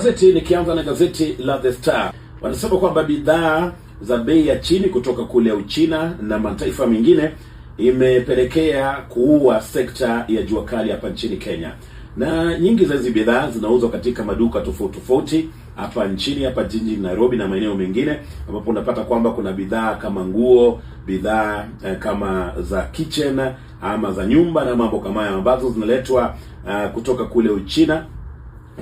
Gazeti nikianza na gazeti la The Star wanasema kwamba bidhaa za bei ya chini kutoka kule Uchina na mataifa mengine imepelekea kuua sekta ya jua kali hapa nchini Kenya, na nyingi za hizi bidhaa zinauzwa katika maduka tofauti tofauti hapa nchini, hapa jiji Nairobi na maeneo mengine, ambapo unapata kwamba kuna bidhaa kama nguo, bidhaa eh, kama za kitchen ama za nyumba na mambo kama hayo ambazo zinaletwa uh, kutoka kule Uchina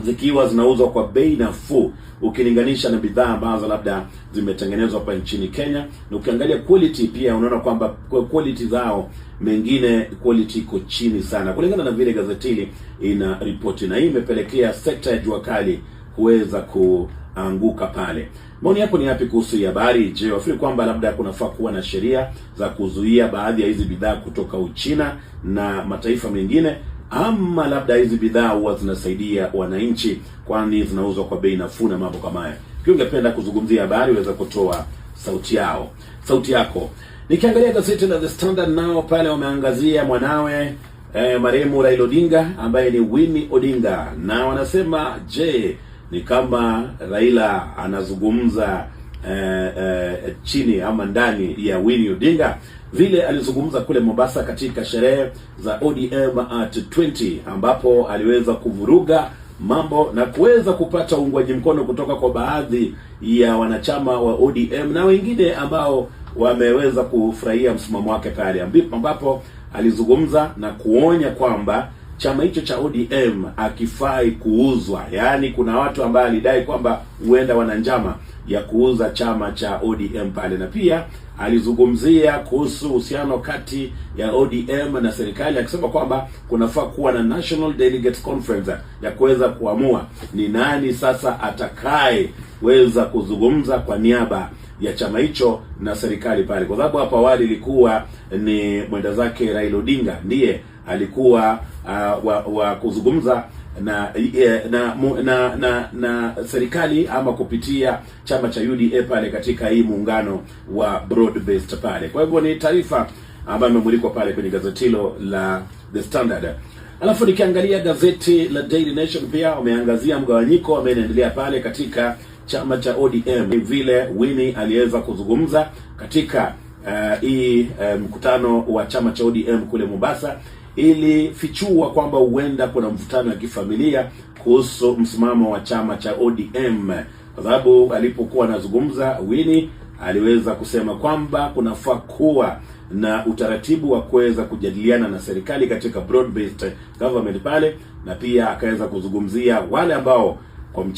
zikiwa zinauzwa kwa bei nafuu ukilinganisha na bidhaa ambazo labda zimetengenezwa hapa nchini Kenya, na ukiangalia quality pia unaona kwamba quality zao mengine quality iko chini sana, kulingana na vile gazeti hili ina ripoti, na hii imepelekea sekta ya jua kali kuweza kuanguka pale. Maoni yako ni yapi kuhusu hii habari? Je, wafikiri kwamba labda kunafaa kuwa na sheria za kuzuia baadhi ya hizi bidhaa kutoka Uchina na mataifa mengine ama labda hizi bidhaa huwa zinasaidia wananchi, kwani zinauzwa kwa bei nafuu na mambo kama haya. Ikiwa ungependa kuzungumzia habari, unaweza kutoa sauti yao sauti yako. Nikiangalia gazeti la The Standard nao pale wameangazia mwanawe eh, marehemu Raila Odinga ambaye ni Winnie Odinga, na wanasema je, ni kama Raila anazungumza eh, eh, chini ama ndani ya Winnie Odinga vile alizungumza kule Mombasa katika sherehe za ODM at 20 ambapo aliweza kuvuruga mambo na kuweza kupata uungwaji mkono kutoka kwa baadhi ya wanachama wa ODM na wengine ambao wameweza kufurahia msimamo wake pale, ambapo alizungumza na kuonya kwamba chama hicho cha ODM akifai kuuzwa. Yaani kuna watu ambao alidai kwamba huenda wana njama ya kuuza chama cha ODM pale, na pia alizungumzia kuhusu uhusiano kati ya ODM na serikali akisema kwamba kunafaa kuwa na National Delegates Conference ya kuweza kuamua ni nani sasa atakayeweza kuzungumza kwa niaba ya chama hicho na serikali pale, kwa sababu hapo awali ilikuwa ni mwenda zake Raila Odinga ndiye alikuwa uh, wa, wa kuzungumza na, eh, na, na, na, na serikali ama kupitia chama cha UDA pale katika hii muungano wa broad based pale. Kwa hivyo ni taarifa ambayo imemulikwa pale kwenye gazeti hilo la The Standard. Alafu nikiangalia gazeti la Daily Nation pia wameangazia mgawanyiko ambaye inaendelea pale katika chama cha ODM, vile Winnie aliweza kuzungumza katika eh, hii uh, mkutano um, wa chama cha ODM kule Mombasa ilifichua kwamba huenda kuna mvutano wa kifamilia kuhusu msimamo wa chama cha ODM, kwa sababu alipokuwa anazungumza Winnie aliweza kusema kwamba kunafaa kuwa na utaratibu wa kuweza kujadiliana na serikali katika broad based government pale, na pia akaweza kuzungumzia wale ambao kwa mchana